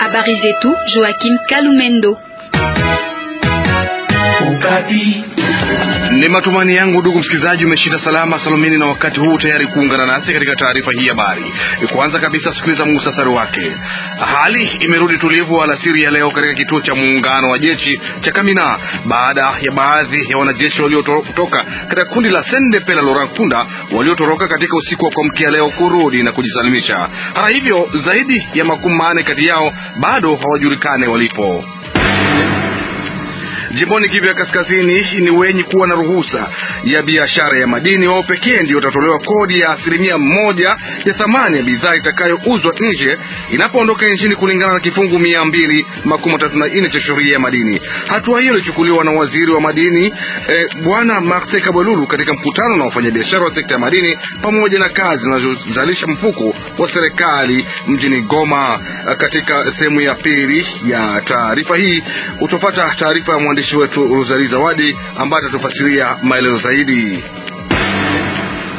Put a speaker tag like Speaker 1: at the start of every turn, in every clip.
Speaker 1: Habari zetu Joaquim Kalumendo.
Speaker 2: Ukati.
Speaker 3: Ni matumaini yangu ndugu msikilizaji, umeshinda salama salamini na wakati huu tayari kuungana nasi katika taarifa hii habari. Kwanza kabisa, sikiliza muhtasari wake. Hali imerudi tulivu alasiri ya leo katika kituo cha muungano wa jeshi cha Kamina baada ya baadhi ya wanajeshi waliotoka katika kundi la Sendepe la Laurent Nkunda waliotoroka katika usiku wa kuamkia leo kurudi na kujisalimisha. Hata hivyo, zaidi ya makumi manne kati yao bado hawajulikane walipo. Jimboni Kivu ya Kaskazini ni wenye kuwa na ruhusa ya biashara ya madini wao pekee ndio watatolewa kodi ya asilimia moja ya thamani ya bidhaa itakayouzwa nje inapoondoka nchini kulingana na kifungu mia mbili makumi tatu na nne cha sheria ya madini. Hatua hiyo ilichukuliwa na waziri wa madini eh, Bwana Marte Kabwelulu katika mkutano na wafanyabiashara wa sekta ya madini pamoja na kazi zinazozalisha mfuko wa serikali mjini Goma. Katika sehemu ya pili ya taarifa hii utapata taarifa ya mwandishi mwandishi wetu Rosari Zawadi ambaye atatufasiria maelezo zaidi.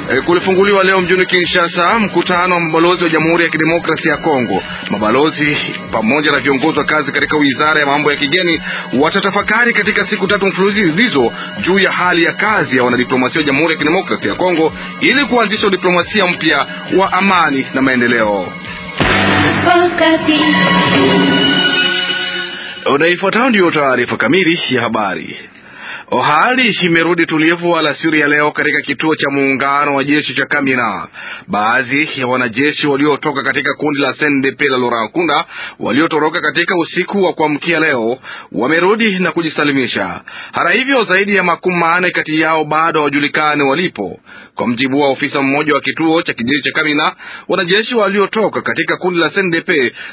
Speaker 3: E, kulifunguliwa leo mjini Kinshasa mkutano wa mabalozi wa Jamhuri ya Kidemokrasia ya Kongo. Mabalozi pamoja na viongozi wa kazi katika wizara ya mambo ya kigeni watatafakari katika siku tatu mfululizo zilizo juu ya hali ya kazi ya wanadiplomasia wa Jamhuri ya Kidemokrasia ya Kongo ili kuanzisha diplomasia mpya wa amani na maendeleo. Unaifuatao ndiyo taarifa kamili ya habari. Hali imerudi tulivu alasiri ya leo katika kituo cha muungano wa jeshi cha Kamina. Baadhi ya wanajeshi waliotoka katika kundi la SNDP la Laurent Nkunda waliotoroka katika usiku wa kuamkia leo wamerudi na kujisalimisha. Hata hivyo, zaidi ya makumi manne kati yao bado hawajulikani walipo. Kwa mjibu wa ofisa mmoja wa kituo cha kijeshi cha Kamina, wanajeshi waliotoka katika kundi la SNDP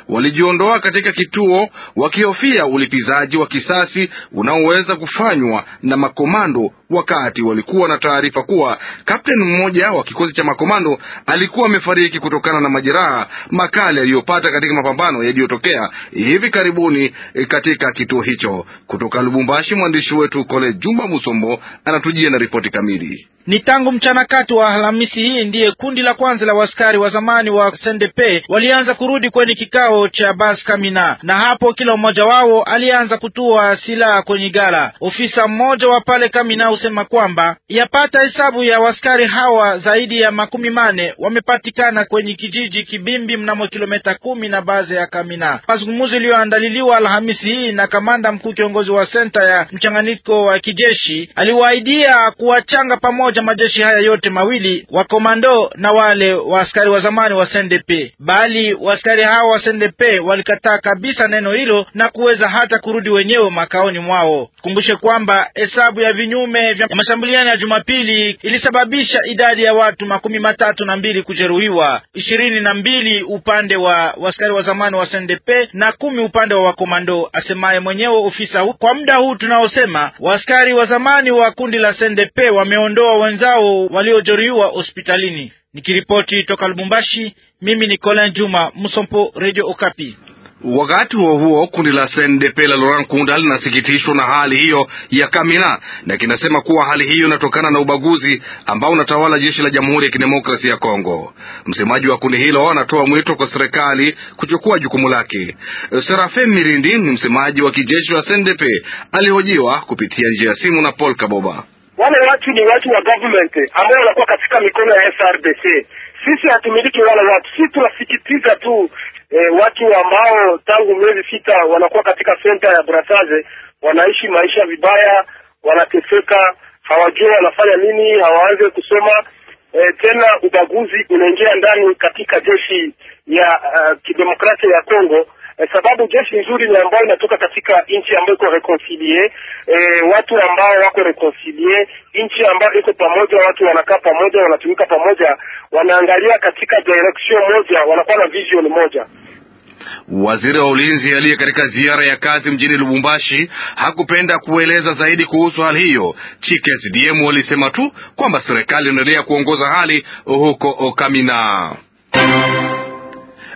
Speaker 3: walijiondoa katika kituo wakihofia ulipizaji wa kisasi unaoweza kufanywa na makomando wakati walikuwa na taarifa kuwa kapteni mmoja wa kikosi cha makomando alikuwa amefariki kutokana na majeraha makali aliyopata katika mapambano yaliyotokea hivi karibuni eh, katika kituo hicho. Kutoka Lubumbashi, mwandishi wetu Kole Jumba Musombo anatujia na ripoti kamili.
Speaker 2: Ni tangu mchana kati wa Alhamisi hii ndiye kundi la kwanza la waskari wa zamani wa SNDP walianza kurudi kwenye kikao cha Bas Kamina, na hapo kila mmoja wao alianza kutua silaha kwenye gala. Ofisa mmoja wa pale Kamina kusema kwamba yapata hesabu ya waskari hawa zaidi ya makumi mane wamepatikana kwenye kijiji Kibimbi mnamo kilomita kumi na baze ya Kamina. Mazungumuzo iliyoandaliliwa Alhamisi hii na kamanda mkuu kiongozi wa senta ya mchanganyiko wa kijeshi aliwaidia kuwachanga pamoja majeshi haya yote mawili wa komando na wale wa askari wa zamani wa SNDP, bali waskari hawa wa SNDP walikataa kabisa neno hilo na kuweza hata kurudi wenyewe makaoni mwao. Kumbushe kwamba hesabu ya vinyume vinne vya mashambuliano ya Jumapili ilisababisha idadi ya watu makumi matatu na mbili kujeruhiwa, ishirini na mbili upande wa waskari wa zamani wa SNDP na kumi upande wa wakomando, asemaye mwenyewe ofisa huu. Kwa muda huu tunaosema, waskari wa zamani wa kundi la SNDP wameondoa wenzao waliojeruhiwa hospitalini. Nikiripoti toka Lubumbashi, mimi ni Colin Juma Musompo, Radio Okapi. Wakati
Speaker 3: huo huo, kundi la SNDP la Laurent Kunda linasikitishwa na hali hiyo ya Kamina na kinasema kuwa hali hiyo inatokana na ubaguzi ambao unatawala jeshi la Jamhuri ya Kidemokrasia ya Kongo. Msemaji wa kundi hilo anatoa mwito kwa serikali kuchukua jukumu lake. Serafin Mirindi ni msemaji wa kijeshi wa SNDP, alihojiwa kupitia njia ya simu na Paul Kaboba.
Speaker 4: Wale watu ni watu wa government ambao wanakuwa katika mikono ya FRDC. Sisi hatumiliki wala watu, sisi tunasikitiza tu e, watu ambao tangu miezi sita wanakuwa katika senta ya brasaze wanaishi maisha vibaya, wanateseka, hawajua wanafanya nini, hawaanze kusoma e, tena ubaguzi unaingia ndani katika jeshi ya uh, kidemokrasia ya Kongo eh, sababu jeshi nzuri ni ambayo inatoka katika nchi ambayo iko reconcilie eh, watu ambao wako reconcilie, nchi ambayo iko pamoja, watu wanakaa pamoja, wanatumika pamoja, wanaangalia katika direction moja, wanakuwa na vision moja.
Speaker 3: Waziri wa ulinzi aliye katika ziara ya kazi mjini Lubumbashi hakupenda kueleza zaidi kuhusu hali hiyo. DM walisema tu kwamba serikali inaendelea kuongoza hali huko Okamina.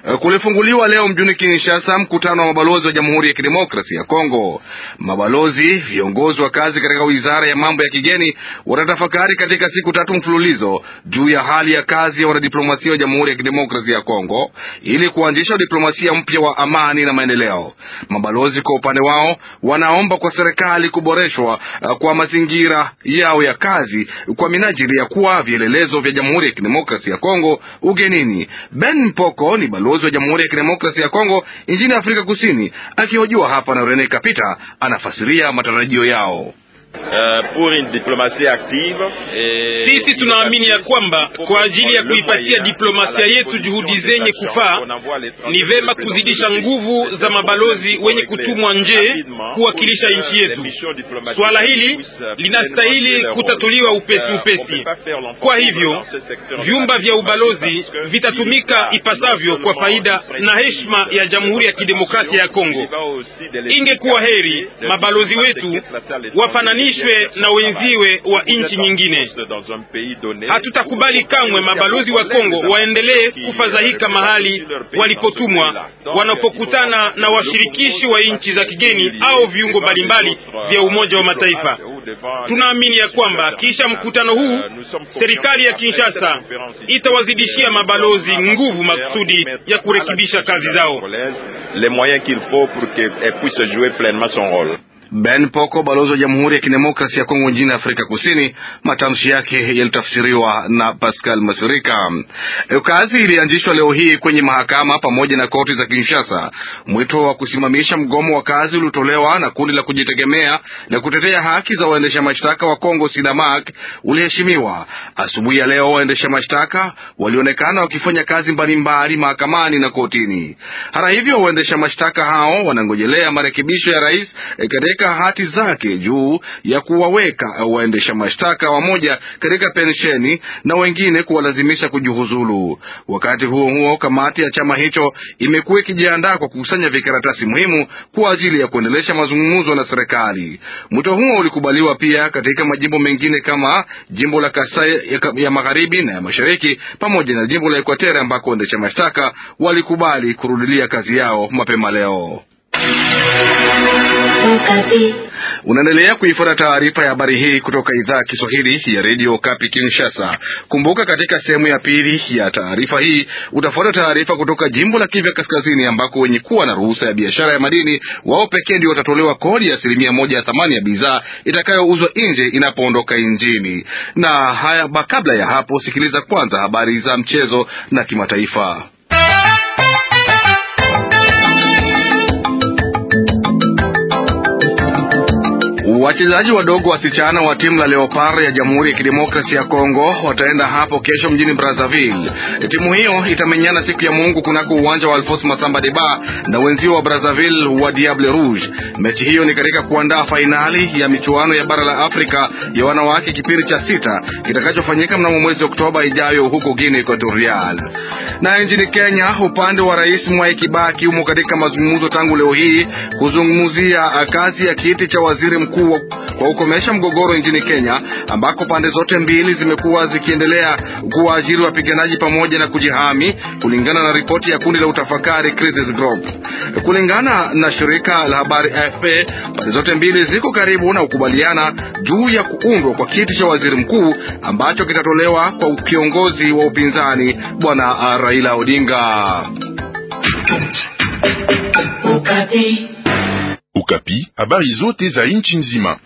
Speaker 3: Eh, kulifunguliwa leo mjini Kinshasa mkutano wa mabalozi wa Jamhuri ya Kidemokrasia ya Kongo. Mabalozi, viongozi wa kazi katika wizara ya mambo ya kigeni watatafakari katika siku tatu mfululizo juu ya hali ya kazi ya wanadiplomasia wa Jamhuri ya Kidemokrasia ya Kongo ili kuanzisha diplomasia mpya wa amani na maendeleo. Mabalozi kwa upande wao wanaomba kwa serikali kuboreshwa eh, kwa mazingira yao ya kazi kwa minajili ya kuwa vielelezo vya Jamhuri ya Kidemokrasia ya Kongo ugenini. Ben Poko ni balozi ubalozi wa Jamhuri ya Kidemokrasia ya Kongo nchini Afrika Kusini. Akihojiwa hapa na Rene Kapita, anafasiria matarajio yao. Euh, Sisi tunaamini ya kwamba kwa ajili ya kuipatia
Speaker 5: diplomasia yetu juhudi zenye kufaa, ni vema kuzidisha nguvu za mabalozi wenye kutumwa nje kuwakilisha nchi yetu. Swala hili linastahili kutatuliwa euh, upesi upesi. Kwa hivyo vyumba vya ubalozi vitatumika ipasavyo kwa faida na heshima ya Jamhuri ya Kidemokrasia ya Kongo. Ingekuwa heri mabalozi wetu wafanani ilinganishwe na wenziwe wa nchi nyingine. Hatutakubali kamwe mabalozi wa Kongo waendelee kufadhaika mahali walipotumwa wanapokutana na washirikishi wa nchi za kigeni au viungo mbalimbali vya Umoja wa Mataifa. Tunaamini ya kwamba kisha mkutano huu serikali ya Kinshasa itawazidishia mabalozi nguvu makusudi ya kurekebisha kazi zao.
Speaker 3: Ben Poko, balozi wa Jamhuri ya Kidemokrasi ya Kongo nchini Afrika Kusini. Matamshi yake yalitafsiriwa na Pascal Masirika. E, kazi ilianzishwa leo hii kwenye mahakama pamoja na koti za Kinshasa. Mwito wa kusimamisha mgomo wa kazi uliotolewa na kundi la kujitegemea na kutetea haki za waendesha mashtaka wa Kongo SINAMAK uliheshimiwa. Asubuhi ya leo waendesha mashtaka walionekana wakifanya kazi mbalimbali mahakamani na kotini. Hata hivyo, waendesha mashtaka hao wanangojelea marekebisho ya rais e, katika katika hati zake juu ya kuwaweka waendesha mashtaka wamoja katika pensheni na wengine kuwalazimisha kujihuzulu. Wakati huo huo, kamati ya chama hicho imekuwa ikijiandaa kwa kukusanya vikaratasi muhimu kwa ajili ya kuendelesha mazungumzo na serikali. Mwito huo ulikubaliwa pia katika majimbo mengine kama jimbo la Kasai ya, ya magharibi na ya mashariki pamoja na jimbo la Ekwatera ambako waendesha mashtaka walikubali kurudilia kazi yao mapema leo. Unaendelea kuifuata taarifa ya habari hii kutoka idhaa ya Kiswahili ya redio Kapi Kinshasa. Kumbuka, katika sehemu ya pili ya taarifa hii utafuata taarifa kutoka jimbo la Kivu Kaskazini, ambako wenye kuwa na ruhusa ya biashara ya madini wao pekee ndio watatolewa kodi ya asilimia moja ya thamani ya bidhaa itakayouzwa nje inapoondoka injini. Na haya, kabla ya hapo, sikiliza kwanza habari za mchezo na kimataifa. Wachezaji wadogo wasichana wa timu la Leopard ya Jamhuri ya Kidemokrasi ya Kongo wataenda hapo kesho mjini Brazzaville. Timu hiyo itamenyana siku ya Mungu kunako uwanja wa Alphonse Masamba Deba na wenzio wa Brazzaville wa Diable Rouge. Mechi hiyo ni katika kuandaa fainali ya michuano ya bara la Afrika ya wanawake kipindi cha sita kitakachofanyika mnamo mwezi Oktoba ijayo huko Guinea Equatorial. Na nchini Kenya, upande wa Rais Mwai Kibaki umo katika mazungumzo tangu leo hii kuzungumzia kazi ya kiti cha waziri mkuu huo kwa kukomesha mgogoro nchini Kenya ambako pande zote mbili zimekuwa zikiendelea kuwaajiri wapiganaji pamoja na kujihami, kulingana na ripoti ya kundi la utafakari Crisis Group. Kulingana na shirika la habari AFP, pande zote mbili ziko karibu na kukubaliana juu ya kuundwa kwa kiti cha waziri mkuu ambacho kitatolewa kwa kiongozi wa upinzani Bwana Raila Odinga. Ukapi, habari zote za nchi nzima.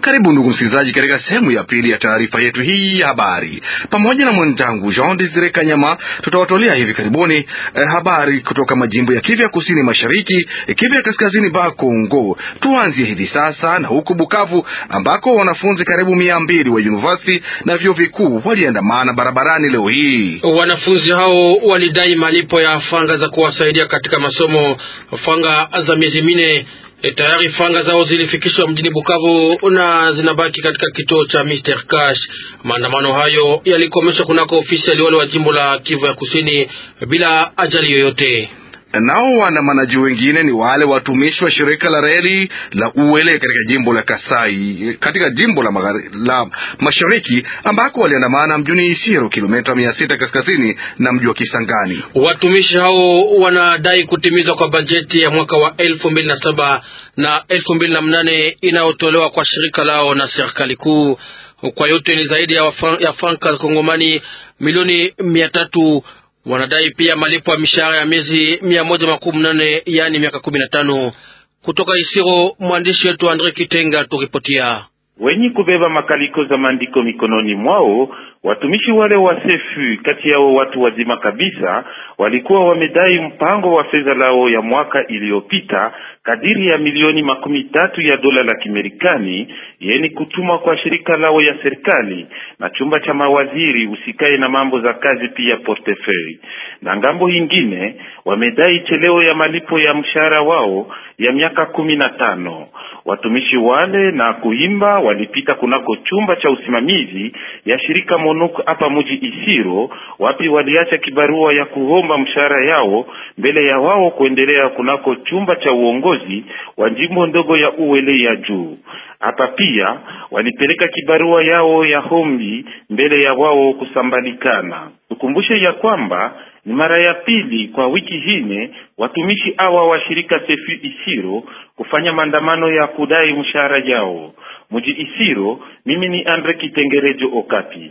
Speaker 3: Karibu ndugu msikilizaji, katika sehemu ya pili ya taarifa yetu hii ya habari. Pamoja na mwenzangu Jean Desire Kanyama, tutawatolea hivi karibuni eh, habari kutoka majimbo ya Kivu ya kusini mashariki, eh, Kivu ya kaskazini, ba Kongo. Tuanzie hivi sasa na huku Bukavu, ambako wanafunzi karibu
Speaker 4: mia mbili wa university na vyuo vikuu
Speaker 3: waliandamana barabarani leo hii.
Speaker 4: Wanafunzi hao walidai malipo ya fanga za kuwasaidia katika masomo, fanga za miezi minne E, tayari fanga zao zilifikishwa mjini Bukavu na zinabaki katika kituo cha Mr Cash. Maandamano hayo yalikomeshwa kunako ofisi ya liwali wa jimbo la Kivu ya Kusini bila ajali yoyote.
Speaker 3: Nao waandamanaji wengine ni wale watumishi wa shirika la reli la uele katika jimbo la Kasai katika jimbo la, magari, la mashariki ambako waliandamana mjini Isiro, kilomita mia sita kaskazini na mji wa Kisangani.
Speaker 4: Watumishi hao wanadai kutimizwa kwa bajeti ya mwaka wa elfu mbili na saba na elfu mbili na inayotolewa kwa shirika lao na serikali kuu. Kwa yote ni zaidi ya, ya franka za kongomani milioni mia tatu Wanadai pia malipo ya mishahara ya miezi mia moja makumi nane yaani miaka kumi na tano. Kutoka Isiro, mwandishi wetu Andre Kitenga turipotia
Speaker 6: wenye kubeba makaliko za maandiko mikononi mwao Watumishi wale wa sefu, kati yao watu wazima kabisa, walikuwa wamedai mpango wa fedha lao ya mwaka iliyopita kadiri ya milioni makumi tatu ya dola la Kimerikani, yeni kutumwa kwa shirika lao ya serikali na chumba cha mawaziri usikae na mambo za kazi pia portefeuille. Na ngambo ingine wamedai cheleo ya malipo ya mshahara wao ya miaka kumi na tano. Watumishi wale na kuimba walipita kunako chumba cha usimamizi ya shirika MONUC hapa mji Isiro, wapi waliacha kibarua ya kuomba mshahara yao mbele ya wao kuendelea kunako chumba cha uongozi wa jimbo ndogo ya Uwele ya juu. Hapa pia walipeleka kibarua yao ya hombi mbele ya wao kusambalikana. Tukumbushe ya kwamba ni mara ya pili kwa wiki hine watumishi hawa wa shirika Sefu Isiro kufanya maandamano ya kudai mshahara yao muji Isiro. Mimi ni Andre Kitengerejo Okapi.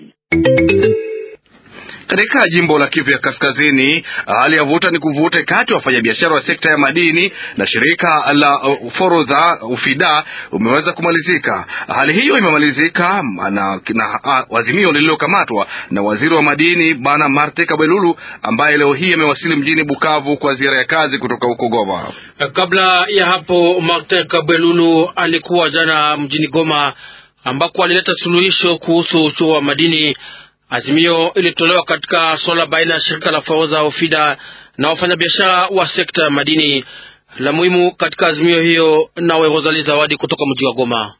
Speaker 3: Katika jimbo la Kivu ya Kaskazini, hali ya vuta ni kuvute kati ya wafanyabiashara wa sekta ya madini na shirika la uh, forodha ufida umeweza kumalizika. Hali hiyo imemalizika na, na azimio lililokamatwa na waziri wa madini Bana Marte kabwelulu ambaye leo hii amewasili mjini Bukavu kwa ziara ya kazi kutoka huko Goma.
Speaker 4: Kabla ya hapo, Marte kabwelulu alikuwa jana mjini Goma ambako alileta suluhisho kuhusu uchuo wa madini. Azimio ilitolewa katika swala baina ya shirika la Faoza Ofida na wafanyabiashara wa sekta ya madini. La muhimu katika azimio hiyo, nawe Rosali Zawadi kutoka mji wa Goma.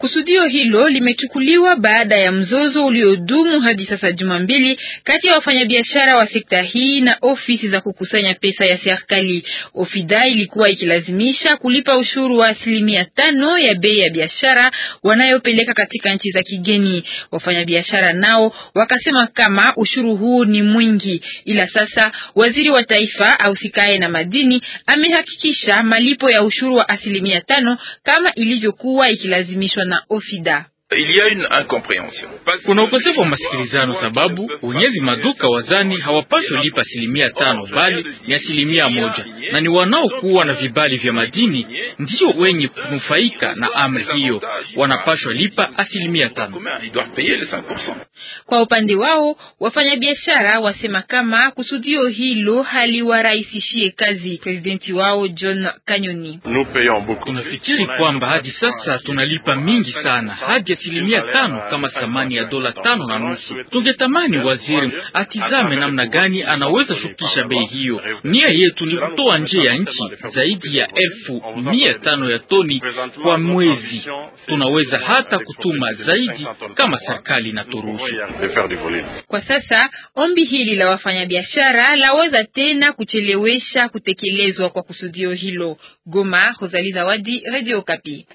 Speaker 1: Kusudio hilo limechukuliwa baada ya mzozo uliodumu hadi sasa juma mbili kati ya wafanyabiashara wa sekta hii na ofisi za kukusanya pesa ya serikali. Ofida ilikuwa ikilazimisha kulipa ushuru wa asilimia tano ya bei ya biashara wanayopeleka katika nchi za kigeni. Wafanyabiashara nao wakasema kama ushuru huu ni mwingi, ila sasa waziri wa taifa ausikae na madini amehakikisha malipo ya ushuru wa asilimia tano kama ilivyokuwa ikilazimishwa na Ofida.
Speaker 4: Kuna ukosefu wa masikilizano, sababu wenyezi maduka wazani hawapaswi lipa asilimia tano bali ni asilimia moja, na ni wanaokuwa na vibali vya madini ndio wenye kunufaika na amri hiyo, wanapaswa lipa asilimia tano.
Speaker 1: Kwa upande wao wafanyabiashara wasema kama kusudio hilo haliwarahisishie kazi. Presidenti wao John Kanyoni:
Speaker 4: tunafikiri kwamba hadi sasa tunalipa mingi sana hadi asilimia tano kama uh, thamani ya dola tano na nusu. Tungetamani waziri atizame namna gani anaweza shukisha bei hiyo. Nia yetu ni kutoa nje ya nchi zaidi ya elfu mia tano ya toni kwa mwezi. Tunaweza hata kutuma zaidi kama serikali inaturuhusu.
Speaker 1: Kwa sasa ombi hili la wafanyabiashara laweza tena kuchelewesha kutekelezwa kwa kusudio hilo. Goma, Rosalie Zawadi, Radio Kapi.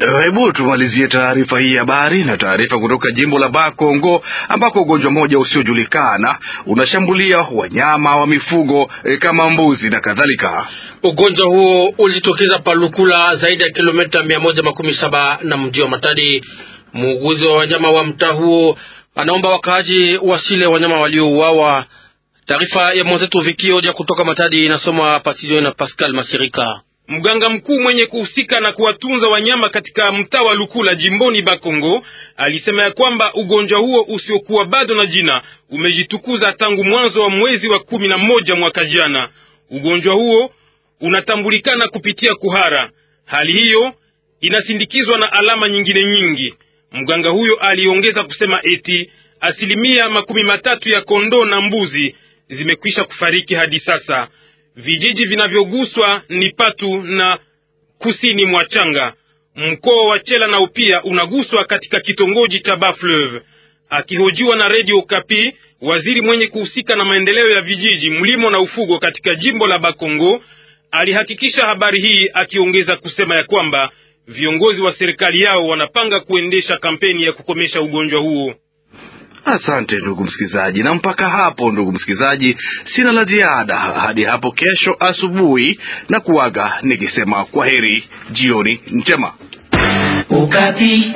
Speaker 3: Hebu tumalizie taarifa hii habari na taarifa kutoka jimbo la bakongo ambako ugonjwa mmoja usiojulikana unashambulia wanyama wa mifugo e, kama mbuzi na kadhalika.
Speaker 4: Ugonjwa huo ulitokeza Palukula, zaidi ya kilomita mia moja makumi saba na mji wa Matadi. Muuguzi wa wanyama wa mtaa huo anaomba wakaaji wasile wanyama waliouawa. Taarifa ya mwenzetu Vikioja kutoka Matadi inasoma Pasijo na Pascal Masirika.
Speaker 5: Mganga mkuu mwenye kuhusika na kuwatunza wanyama katika mtaa wa Lukula jimboni Bakongo alisema ya kwamba ugonjwa huo usiokuwa bado na jina umejitukuza tangu mwanzo wa mwezi wa kumi na moja mwaka jana. Ugonjwa huo unatambulikana kupitia kuhara. Hali hiyo inasindikizwa na alama nyingine nyingi. Mganga huyo aliongeza kusema eti asilimia makumi matatu ya kondoo na mbuzi zimekwisha kufariki hadi sasa. Vijiji vinavyoguswa ni Patu na kusini mwa Changa. Mkoa wa Chela na upia unaguswa katika kitongoji cha Bafleuve. Akihojiwa na redio Kapi, waziri mwenye kuhusika na maendeleo ya vijiji, mlimo na ufugo katika jimbo la Bakongo alihakikisha habari hii, akiongeza kusema ya kwamba viongozi wa serikali yao wanapanga kuendesha kampeni ya kukomesha ugonjwa huo.
Speaker 3: Asante ndugu msikilizaji, na mpaka hapo ndugu msikilizaji, sina la ziada hadi hapo kesho asubuhi, na kuaga nikisema kwa heri, jioni njema. Ukati.